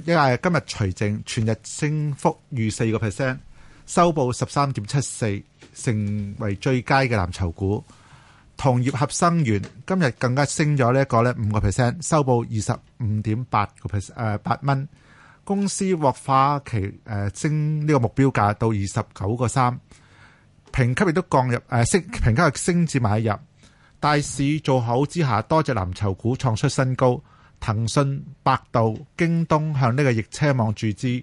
一係今日除淨，全日升幅逾四個 percent，收報十三點七四，成為最佳嘅藍籌股。同業合生元今日更加升咗呢一個咧五個 percent，收報二十五點八個 percent，誒八蚊。公司獲花旗誒、呃、升呢個目標價到二十九個三，評級亦都降入誒、呃、升，評級升至買入。大市做好之下，多隻藍籌股創出新高。騰訊、百度、京東向呢個易車網注資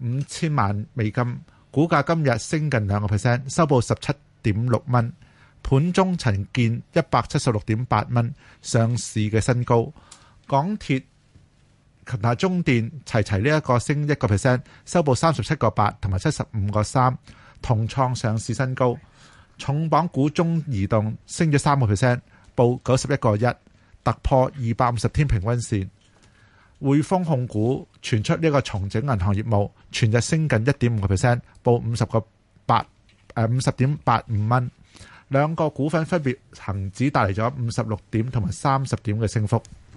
五千萬美金，股價今日升近兩個 percent，收報十七點六蚊，盤中曾見一百七十六點八蚊，上市嘅新高。港鐵、恒大、中電齊齊呢一個升一個 percent，收報三十七個八同埋七十五個三，同創上市新高。重磅股中移動升咗三個 percent，報九十一個一。突破二百五十天平均線，匯豐控股傳出呢個重整銀行業務，全日升近一點五個 percent，報五十個八，誒五十點八五蚊。兩個股份分別恒指帶嚟咗五十六點同埋三十點嘅升幅。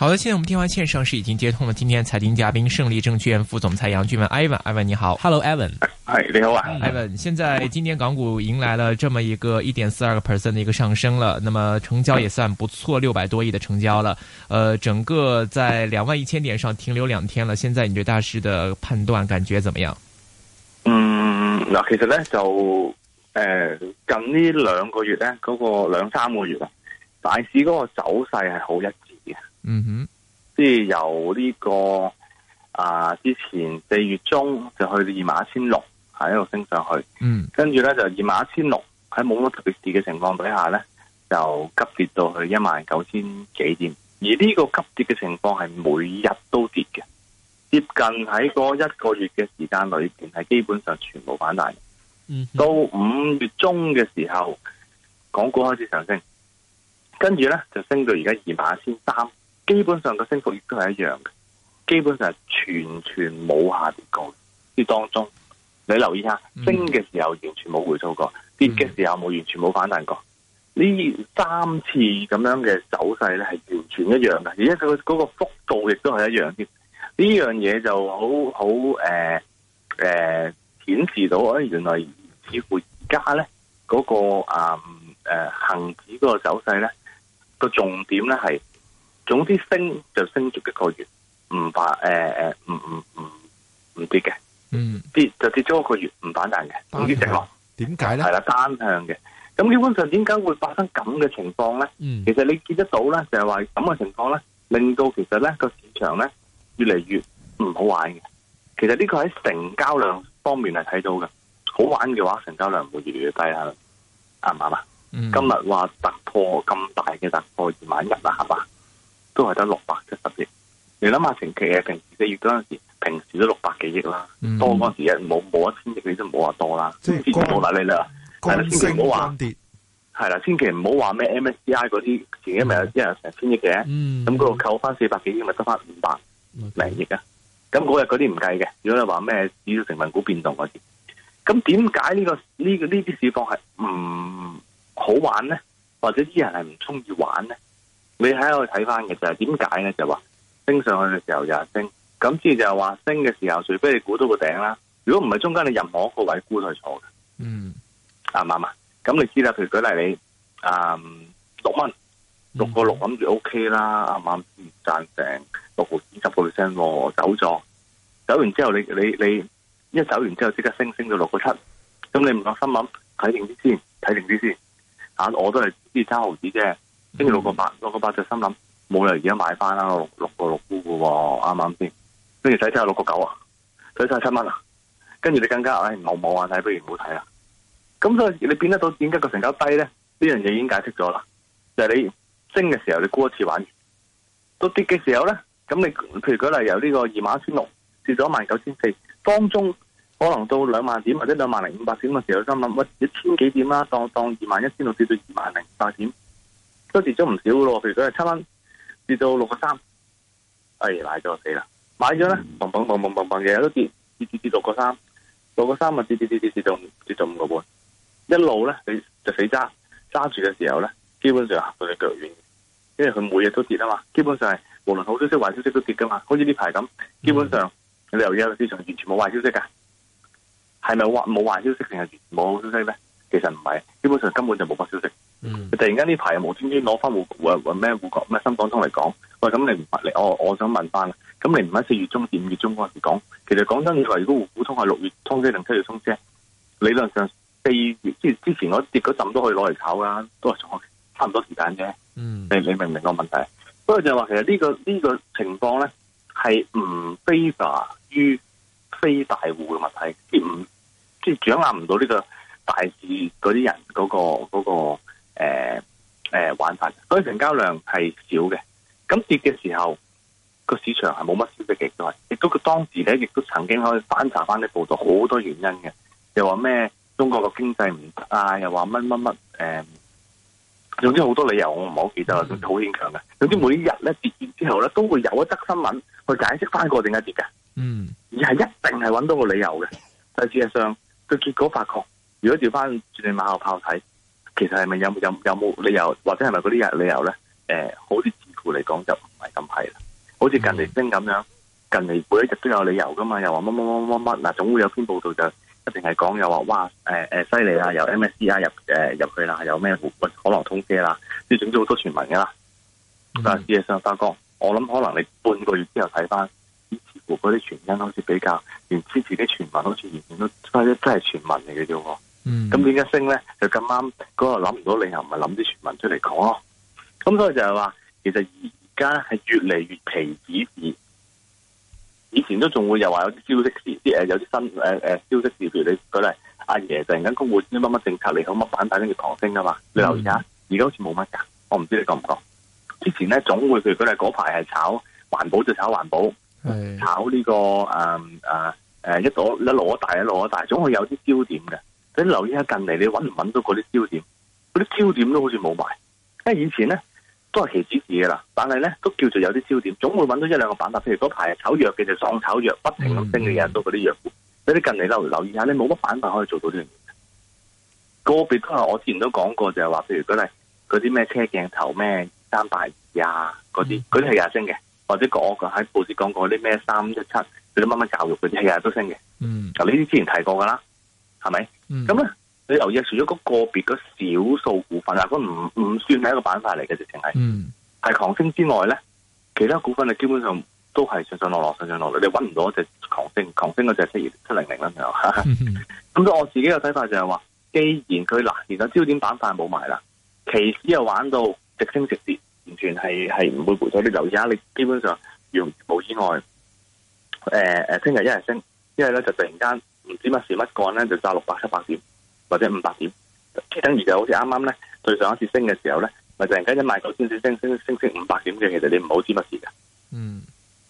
好的，現在我們電話線上是已經接通了。今天財經嘉賓，勝利證券副總裁楊俊文 Ivan，Ivan 你好，Hello Ivan 係你好啊，Ivan。Ivan，現在今天港股迎來了這麼一個一點四二個 percent 的一個上升了，那麼成交也算不錯，六百多億的成交了。呃，整個在兩萬一千點上停留兩天了。現在你對大市的判斷感覺怎麼樣？嗯，嗱，其實呢就，呃近呢兩個月呢嗰、那個兩三個月啊，大市嗰個走勢是好一。嗯哼，即係由呢、這個啊之前四月中就去到二萬一千六喺度升上去，嗯，跟住咧就二萬一千六喺冇乜特別跌嘅情況底下咧，就急跌到去一萬九千幾點，而呢個急跌嘅情況係每日都跌嘅，接近喺嗰一個月嘅時間裏邊係基本上全部反彈，嗯、哼到五月中嘅時候，港股開始上升，跟住咧就升到而家二萬一千三。基本上個升幅亦都係一樣嘅，基本上係全全冇下跌過的。呢當中你留意一下，嗯、升嘅時候完全冇回縮過，嗯、跌嘅時候冇完全冇反彈過。呢三次咁樣嘅走勢咧係完全一樣嘅，而且佢嗰個幅度亦都係一樣的。呢呢樣嘢就好好誒誒顯示到啊，原來似乎而家咧嗰個誒、呃呃、恒指嗰個走勢咧個重點咧係。總之升就升足一個月，唔怕誒誒，唔唔唔唔跌嘅，嗯跌就跌咗一個月，唔反彈嘅，總之直落。點解咧？係啦，單向嘅。咁基本上點解會發生咁嘅情況咧？嗯、其實你見得到咧，就係話咁嘅情況咧，令到其實咧個市場咧越嚟越唔好玩嘅。其實呢個喺成交量方面係睇到嘅。好玩嘅話，成交量會越嚟越低下啦，啱唔啱啊？嗯、今日話突破咁大嘅突破二萬一啦，係嘛？都係得六百七十億，你諗下成期嘅平時四月嗰陣時，平時都六百幾億啦，嗯、多嗰陣時又冇冇一千億，你都唔好話多啦，即係是冇啦你啦，係啦性，千祈唔好話係啦，千祈唔好話咩 MSCI 嗰啲前一咪有啲人成千億嘅，咁嗰度扣翻四百幾億咪得翻五百零億啊，咁嗰日嗰啲唔計嘅，如果你話咩主要成分股變動嗰啲，咁點解呢個呢呢啲市況係唔好玩咧？或者啲人係唔中意玩咧？你喺度睇翻嘅就係點解咧？就係話升上去嘅時候就係升，咁即係就係話升嘅時候，除非你估到個頂啦。如果唔係中間你任何一個位估都係錯嘅。嗯，啱唔啱啊？咁你知啦，譬如舉例你，嗯、六蚊，六個六諗住 OK 啦，啱唔啱？賺、嗯、成六毫紙十個 percent，走咗，走完之後你你你一走完之後即刻升升到六個七，咁你唔落心諗，睇定啲先，睇定啲先。吓、啊，我都係跌三毫紙啫。跟住六個八，六個八就心諗冇理由而家買翻啦，六六個六估嘅喎，啱啱先？跟住睇睇下六個九啊，睇晒七蚊啊，跟住你更加唉冇冇眼睇，不如唔好睇啦。咁、啊、所以你變得到點解個成交低咧？呢樣嘢已經解釋咗啦，就係、是、你升嘅時候你估一次玩，到跌嘅時候咧，咁你譬如舉例由呢個二萬一千六跌咗萬九千四，當中可能到兩萬點或者兩萬零五百點嘅時候心諗，有啲乜乜一千幾點啦、啊，當當二萬一千六跌到二萬零五百點。跌咗唔少咯，譬如佢係七蚊跌到六個三，哎，買咗死啦！買咗咧，嘭嘭嘭嘭嘭嘭，日都跌，跌跌跌跌六個三，六個三啊跌跌跌跌跌到跌，跌，跌到五個半，一路咧你就死揸揸住嘅時候咧，基本上行到你腳軟，因為佢每日都跌啊嘛，基本上係無論好消息壞消息都跌噶嘛，好似呢排咁，嗯、基本上你留意下市場完全冇壞消息噶，係咪冇壞消息定係完全冇好消息咧？其實唔係，基本上根本就冇發消息。嗯、mm. 突然間呢排又冇端端攞翻護誒，咩滬港咩深港通嚟講。喂，咁你唔發嚟？我我想問翻啦。咁你唔喺四月中至五月中嗰陣時講？其實港交所認為如果滬港通係六月通車，定七月通車，理論上四月之之前我跌嗰陣都可以攞嚟炒噶，都係差唔多時間啫。你、mm. 你明唔明個問題？不過就係話，其實呢、這個呢、這個情況咧係唔 favor 於非大戶嘅問題，即唔即係掌握唔到呢、這個。大市嗰啲人嗰、嗰個、嗰個誒誒、嗰個呃呃、玩法，所以成交量係少嘅。咁跌嘅時候，個市場係冇乜消息嘅。亦都佢當時咧，亦都曾經可以翻查翻啲報道，好多原因嘅。又話咩？中國嘅經濟唔得啊！又話乜乜乜誒，總之好多理由，我唔係好記得，好勉強嘅。總之每日咧跌完之後咧，都會有一則新聞去解釋翻個點解跌嘅。嗯，mm. 而係一定係揾到個理由嘅，但係事實上，對結果發覺。如果調翻轉馬後炮睇，其實係咪有有有冇理由，或者係咪嗰啲日理由咧？誒、呃，好似似乎嚟講就唔係咁係啦。好似近期升咁樣，近期每一日都有理由噶嘛，又話乜乜乜乜乜嗱，總會有篇報道就一定係講又話哇誒誒犀利啦，由 MSCI 入誒、呃、入去啦，有咩可能通車啦，總之好多傳聞噶啦。嗯、但係事實上，發覺，我諗可能你半個月之後睇翻，似乎嗰啲傳因好似比較，連支持啲傳聞好似完全都真真係傳聞嚟嘅啫。咁點解升咧？就咁啱嗰個諗唔到理由，唔係諗啲傳聞出嚟講咯。咁所以就係話，其實而家係越嚟越皮子事。以前都仲會又話有啲消息事，啲誒有啲新誒誒、啊啊、消息事，譬如你佢嚟阿爺突然間公布啲乜乜政策嚟，好乜板塊跟住狂升啊嘛。你留意下，而家、嗯、好似冇乜噶。我唔知你覺唔覺？之前咧總會，譬如佢哋嗰排係炒環保就炒環保，的炒呢、呢個誒誒誒一攞一攞大一攞大，大，大，總會有啲焦點嘅。你留意下近嚟，你搵唔搵到嗰啲焦點？嗰啲焦點都好似冇埋。因為以前咧都係其次嘢啦，但係咧都叫做有啲焦點，總會搵到一兩個板塊。譬如嗰排炒藥嘅就上炒藥，不停咁升嘅日日都嗰啲藥股。所、mm hmm. 你近嚟都留意下，你冇乜板塊可以做到呢樣嘢。個別都係我之前都講過就是說，就係話譬如佢啲嗰啲咩車鏡頭咩三百二啊嗰啲，嗰啲係日升嘅，或者我講喺報紙講過啲咩三一七，嗰啲乜乜教育嗰啲，日日都升嘅。嗯、mm，嗱呢啲之前提過噶啦。係咪？咁咧，嗯，你留意啊，除咗嗰個別嗰少數股份啊，嗰唔唔算係一個板塊嚟嘅，直情係係狂升之外咧，其他股份啊，基本上都係上上落落，上上落落。你搵唔到一隻狂升，狂升嗰隻七二七零零啦，又咁。我自己嘅睇法就係、是、話，既然佢嗱，而家焦點板塊冇埋啦，期指又玩到直升直跌，完全係係唔會回吐，你留意下，你基本上要冇意外。誒、呃、誒，聽日一日升，因係咧就突然間。唔知乜事乜幹咧，就炸六百七百點或者五百點，等於就好似啱啱咧對上一次升嘅時候咧，咪突然間一買九千點升升升升五百點嘅，其實你唔好知乜事嘅。嗯，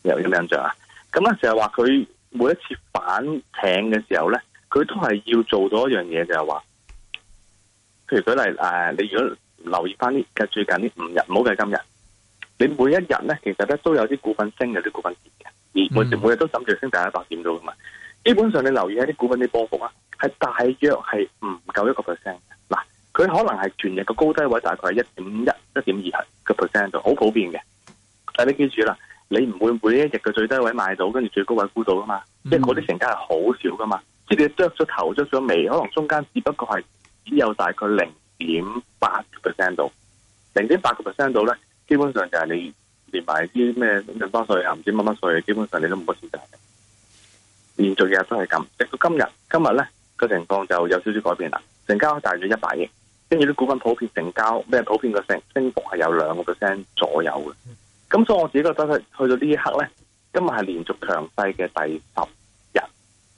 有有咩印象啊？咁啊，成日話佢每一次反艇嘅時候咧，佢都係要做到一樣嘢，就係話，譬如舉例誒，你如果留意翻呢，其實最近呢五日，唔好計今日，你每一日咧，其實咧都有啲股份升嘅，啲股份跌嘅，而每、嗯、每日都諗住升大一百點到嘅嘛。基本上你留意下啲股份啲波幅啊，係大約係唔夠一個 percent 嘅嗱，佢可能係全日嘅高低位，大概係一點一、一點二個 percent 度，好普遍嘅。但你記住啦，你唔會每一日嘅最低位買到，跟住最高位沽到噶嘛、嗯、嘛，即係嗰啲成交係好少噶嘛，即係你着咗頭，着咗尾，可能中間只不過係只有大概零點八 percent 度，零點八個 percent 度咧，基本上就係你連埋啲咩印花稅啊、唔知乜乜稅，基本上你都冇乜選擇。連續日都係咁，直到今日。今日咧個情況就有少少改變啦。成交大約一百億，跟住啲股份普遍成交咩？普遍個升升幅係有兩個 percent 左右嘅。咁所以我自己覺得咧，去到呢一刻咧，今日係連續強勢嘅第十日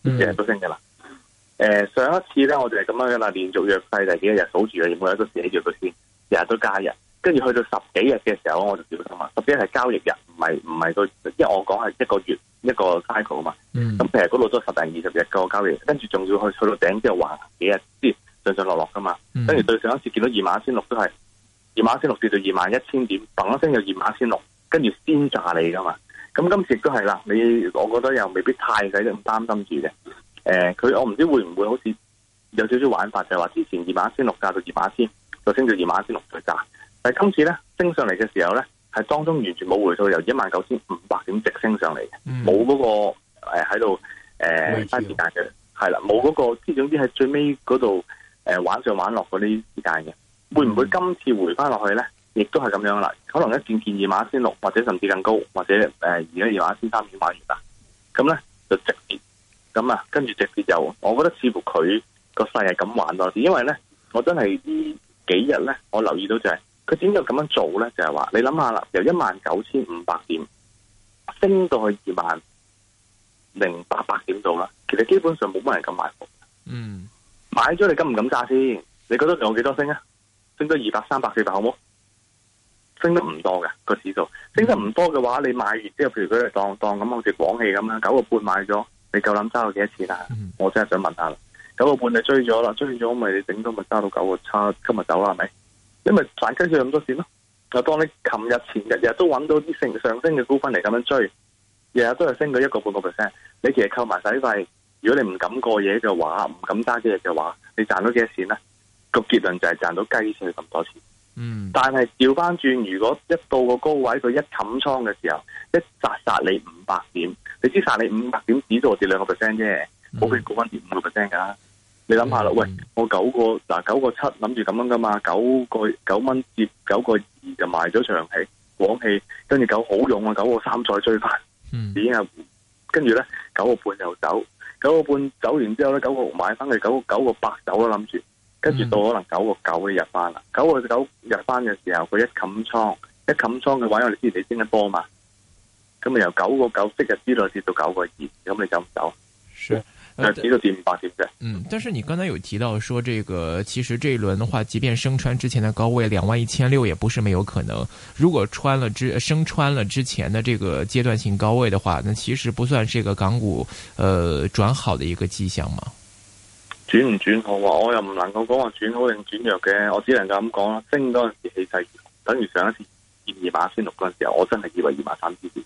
日日、嗯、都升嘅啦。誒、呃，上一次咧，我哋係咁樣嘅啦，連續弱勢第幾日數住啦，每日都寫住佢先，日日都加日。跟住去到十幾日嘅時候，我就小心啊！特別係交易日，唔係唔係到，因為我講係一個月一個 cycle 啊嘛。咁其實嗰度都十零二十日個交易日，跟住仲要去去到頂之後橫幾日，先上上落落噶嘛。跟住對上一次見到二萬一千六，都係二萬一千六跌到二萬一千點，嘣一聲到二萬一千六，跟住先炸你噶嘛。咁今次都係啦，你我覺得又未必太使得咁擔心住嘅。誒、呃，佢我唔知會唔會好似有少少玩法，就係話之前二萬一千六炸到二萬一千，就升到二萬一千六再炸。但今次咧升上嚟嘅時候咧，係當中完全冇回吐，由一萬九千五百點直升上嚟嘅，冇嗰、嗯，那個誒喺度誒嘥時間嘅，係、呃、啦，冇嗰、呃像那個即總之喺最尾嗰度誒玩上玩落嗰啲時間嘅，會唔會今次回翻落去咧？亦都係咁樣啦，可能一綫見二萬一千六，或者甚至更高，或者誒而家二萬一千三點八啦，咁、呃、咧就直接咁啊，跟住直接就，我覺得似乎佢、那個勢係咁玩多啲，因為咧我真係幾日咧，我留意到就係、是。佢點解咁樣做咧？就係、是、話，你諗下啦，由一萬九千五百點升到去二萬零八百點度啦，其實基本上冇乜人敢買股。嗯，買咗你敢唔敢揸先？你覺得仲有幾多升啊？升到二百、三百、四百好冇？升得唔多嘅個指數，嗯、升得唔多嘅話，你買完之後譬如佢當當咁，好似廣汽咁啦，九個半買咗，你夠膽揸到幾多錢啊？嗯、我真係想問下啦，九個半你追咗啦，追咗咪你頂多咪揸到九個差，今日走啦係咪？你咪賺雞碎咁多錢咯！就當你琴日、前日、日都揾到啲成上升嘅股份嚟咁樣追，日日都係升到一個半個 percent。你其實扣埋使費，如果你唔敢過夜嘅話，唔敢揸幾日嘅話，你賺到幾多錢咧？個結論就係賺到雞碎咁多錢。嗯，但係調翻轉，如果一到個高位佢一冚倉嘅時候，一殺殺你五百點，你知殺你五百點指數跌兩個 percent 啫，冇俾股份跌五個 percent 噶。嗯你諗下啦，喂，我九個嗱九個七諗住咁樣噶嘛，九個九蚊跌九個二就賣咗長氣，往氣，跟住九好用啊，九個三再追翻，已經係，跟住咧九個半又走，九個半走完之後咧九個買翻去，九九個八走啦諗住，跟住到可能九個九咧入翻啦，九個九入翻嘅時候佢一冚倉，一冚倉嘅話因為你之前你升得多啊嘛，咁啊由九個九即日之內跌到九個二，咁你走唔走？Sure. 係止到五百點嘅，嗯，但是你剛才有提到說，這個其實這一輪的話，即便升穿之前的高位兩萬一千六，也不是沒有可能。如果穿了之升穿了之前的這個階段性高位的話，那其實不算是一個港股，呃，轉好的一個跡象嗎？轉唔轉好啊？我又唔能夠講話轉好定轉弱嘅，我只能夠咁講啦。升嗰陣時氣勢，等於上一次建二萬先六嗰陣時候，我真係以為二萬三千點，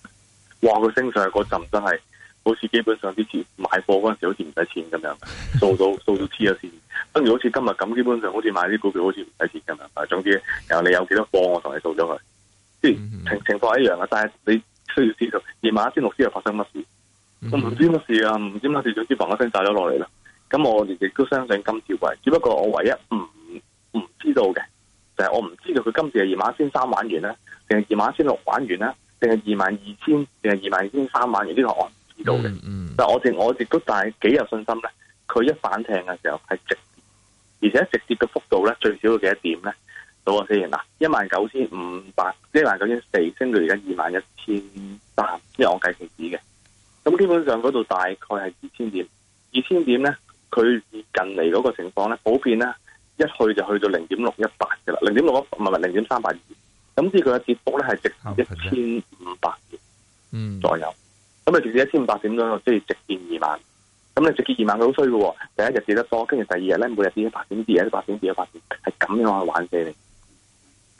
哇，佢升上嗰陣真係。好似基本上之前買貨嗰陣時好似唔使錢咁樣，掃到掃到黐咗線。跟住好似今日咁，基本上好似買啲股票好似唔使錢咁、嗯嗯、樣。但總之，然後你有幾多貨，我同你掃咗佢。即情情況一樣嘅，但係你需要知道，二萬一千六之後發生乜事？咁唔、嗯、知乜事啊，唔知乜事，總之房一聲晒咗落嚟啦。咁我亦都相信今次貴，只不過我唯一唔唔知道嘅就係、是、我唔知道佢今次係二萬一千三玩完啦，定係二萬一千六玩完啦，定係二萬二千定係二萬二千三玩完呢個案。到嘅，嗯嗯、但係我哋我哋都大幾有信心咧。佢一反艇嘅時候係直跌，而且直跌嘅幅度咧最少要幾多點咧？到我啊，雖然啦，一萬九千五百，一萬九千四升到而家二萬一千三，因為我計期指嘅。咁基本上嗰度大概係二千點，二千點咧，佢近嚟嗰個情況咧，普遍咧一去就去到零點六一八噶啦，零點六一唔係唔係零點三八二，咁至佢嘅跌幅咧係直跌一千五百嗯，左右。咁啊，直接一千五百點左右，即係直跌二萬。咁你直接二萬佢好衰嘅喎。第一日跌得多，跟住第二日咧，每日跌一百點，跌一百點，跌一百點，係咁樣玩死你。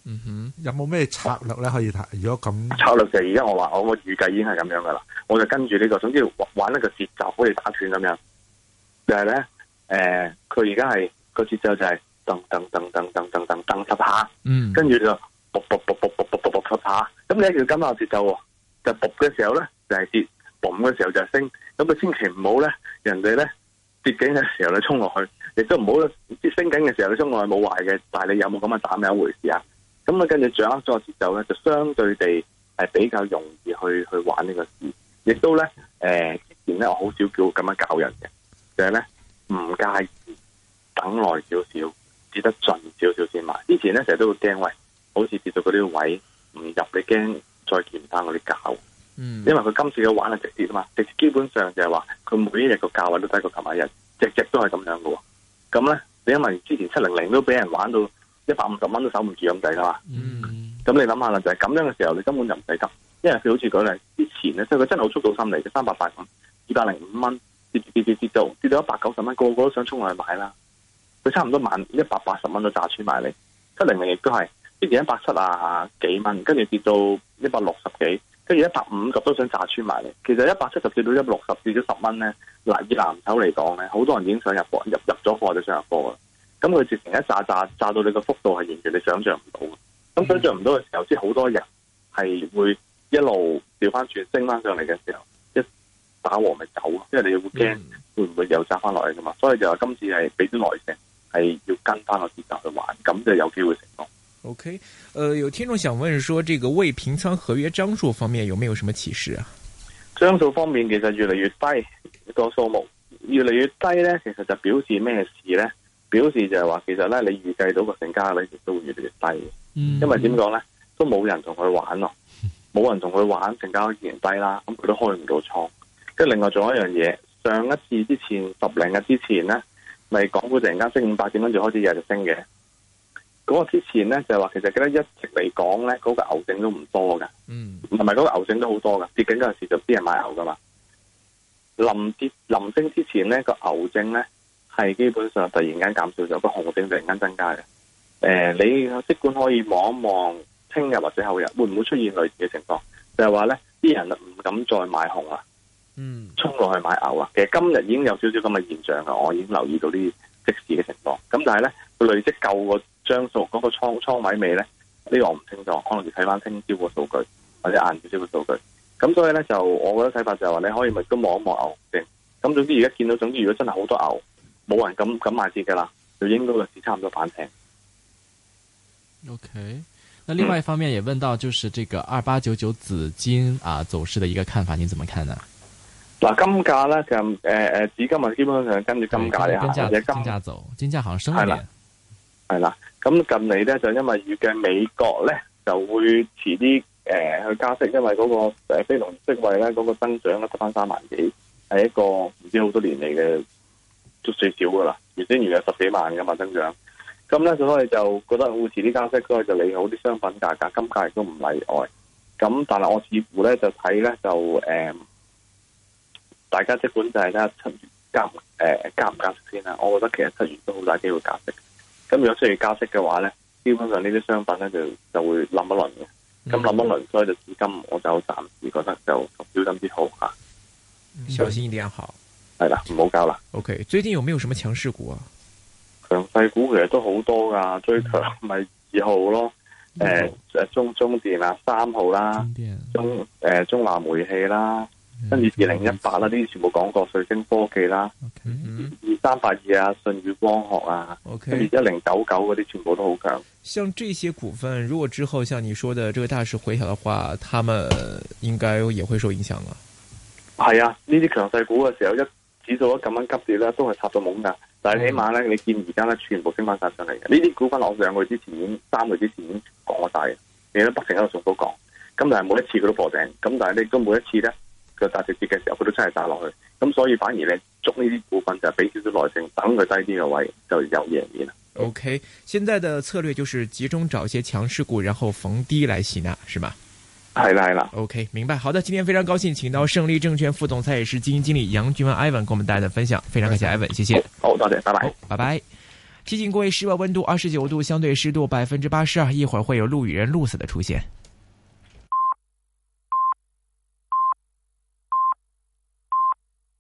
嗯哼，有冇咩策略咧？可以睇，如果咁策略就係而家我話，我個預計已經係咁樣嘅啦。我就跟住呢個，總之玩一個節奏，好似打拳咁樣。就係咧，誒，佢而家係個節奏就係噔噔噔噔噔噔噔噔十下，跟住就卜卜卜卜卜卜卜卜下。咁你按照咁樣節奏，就卜嘅時候咧就係跌。b 嘅時候就升，咁佢千祈唔好咧，人哋咧跌緊嘅時候你衝落去，亦都唔好咧，跌升緊嘅時候你衝落去冇壞嘅，但係你有冇咁嘅膽又一回事啊？咁啊，跟住掌握咗個節奏咧，就相對地係比較容易去去玩呢個市。亦都咧誒、呃，之前咧我好少叫咁樣搞人嘅，就係咧唔介意等耐少少，跌得盡少少先買。之前咧成日都會驚，喂，好似跌到嗰啲位唔入你不，你驚再見翻嗰啲搞。」因為佢今次嘅玩係直跌啊嘛，直跌基本上就係話佢每一日個價位都低過琴日日，只只都係咁樣噶。咁咧，你因為之前七零零都俾人玩到一百五十蚊都守唔住咁滯啦。嘛。咁你諗下啦，就係、是、咁樣嘅時候，你根本就唔使急，因為佢好似講咧，之前咧即係佢真係好速度心嚟嘅，三百八五二百零五蚊跌跌跌跌跌，跌，跌到一百九十蚊，個個都想衝落去買啦。佢差唔多萬一百八十蚊都炸穿埋嚟，七零零亦都係之前一百七啊幾蚊，跟住跌到一百六十幾。跟住一百五十都想炸穿埋嚟，其實一百七十跌到一百六十跌咗十蚊咧，嗱以藍籌嚟講咧，好多人已經想入貨，入入咗貨或者想入貨啊。咁佢直情一炸炸，炸到你個幅度係完全你想象唔到嘅。咁想象唔到嘅時候，先好多人係會一路調翻轉升翻上嚟嘅時候，一打和咪走咯。因為你會驚會唔會又炸翻落嚟嘅嘛。所以就話今次係俾啲耐性，係要跟翻個節奏去玩，咁就有機會成功。OK，誒、呃，有聽眾想問說，這個未平倉合約張數方面有沒有什麼啟示啊？張數方面其實越嚟越低，一個數目越嚟越低咧，其實就表示咩事咧？表示就係話，其實咧你預計到個成交率亦都會越嚟越低嘅。嗯，因為點講咧，都冇人同佢玩咯，冇人同佢玩，成交自然低啦。咁佢都開唔到倉。跟住另外仲有一樣嘢，上一次之前十零日之前咧，咪港股突然間升五百點，跟住開始日日升嘅。嗰個之前咧就係、是、話，其實記得一直嚟講咧，嗰、那個牛證都唔多噶，嗯，唔係，嗰、那個牛證都好多噶，跌緊嗰陣時就啲人買牛噶嘛。臨跌臨升之前咧，那個牛證咧係基本上突然間減少咗，那個紅證突然間增加嘅。誒、嗯，呃，你即管可以望一望，聽日或者後日會唔會出現類似嘅情況？就係話咧，啲人唔敢再買紅啊，嗯，沖落去買牛啊。其實今日已經有少少咁嘅現象噶，我已經留意到啲即時嘅情況。咁但係咧，累積夠個。張數嗰個倉倉位未咧？呢個我唔清楚，可能要睇翻聽朝嘅數據或者晏朝朝嘅數據。咁所以咧就，我覺得睇法就係話，你可以咪都望一望牛先。咁總之而家見到，總之如果真係好多牛，冇人敢敢賣跌噶啦，就應該個市差唔多反平。OK，那另外一方面也問到，就是這個二八九九紫金啊走勢嘅一個看法，你怎麼看呢？嗱、啊，金價咧其實誒誒，紫金啊基本上跟住金價金價下走，金價好像升咗一啲。係啦，咁近嚟咧就因為預計美國咧就會遲啲誒去加息，因為嗰個誒非農職位咧嗰個增長咧得翻三萬幾，係一個唔知好多年嚟嘅最少噶啦，原先原有十幾萬噶嘛增長。咁咧所以就覺得會遲啲加息，所以就利好啲商品價格，金價亦都唔例外。咁但係我似乎咧就睇咧就誒、呃，大家即管就係咧七月加唔誒、呃、加唔加息先啦。我覺得其實七月都好大機會加息。咁如果需要加息嘅話咧，基本上呢啲商品咧就就會冧一輪嘅。咁冧、嗯、一輪，所以就至今我就暫時覺得就小心啲好吓、嗯以嗯，小心一點好。係啦，唔好搞啦。OK，最近有沒有什麼強勢股啊？強勢股其實都好多噶，最強咪二號咯，誒誒、嗯呃、中中電啊，三號啦，電中誒、呃、中華煤氣啦。跟住二零一八啦，呢啲、嗯、全部講過，瑞聲科技啦，二三八二啊，舜宇光學啊，跟住一零九九嗰啲，全部都好強。像這些股份，如果之後像你說的這個大市回調的話，他們應該也會受影響了是啊。係啊，呢啲強勢股嘅時候，一指數一咁樣急跌咧，都係插到懵噶。嗯、但係起碼咧，你見而家咧，全部升翻晒上嚟嘅。呢啲股份落市，兩個月之前，已三個月之前已經講晒嘅，你喺不停喺度上到講，咁但係每一次佢都破頂，咁但係你都每一次咧。佢大直接嘅時候，佢都真係打落去，咁所以反而咧，捉呢啲股份就係俾少少耐性，等佢低啲嘅位就有贏面啦。OK，現在的策略，就是集中找一些強勢股，然後逢低來吸納，是吧？係啦，係啦。OK，明白。好的，今天非常高興，請到勝利證券副總裁、也是基金經理楊俊文 （Ivan） 給我們帶來的分享，非常感謝 Ivan，謝謝。好，多謝，謝，拜拜，拜拜。提醒各位室外温度二十九度，相對濕度百分之八十二，一會兒會有露雨人露水的出現。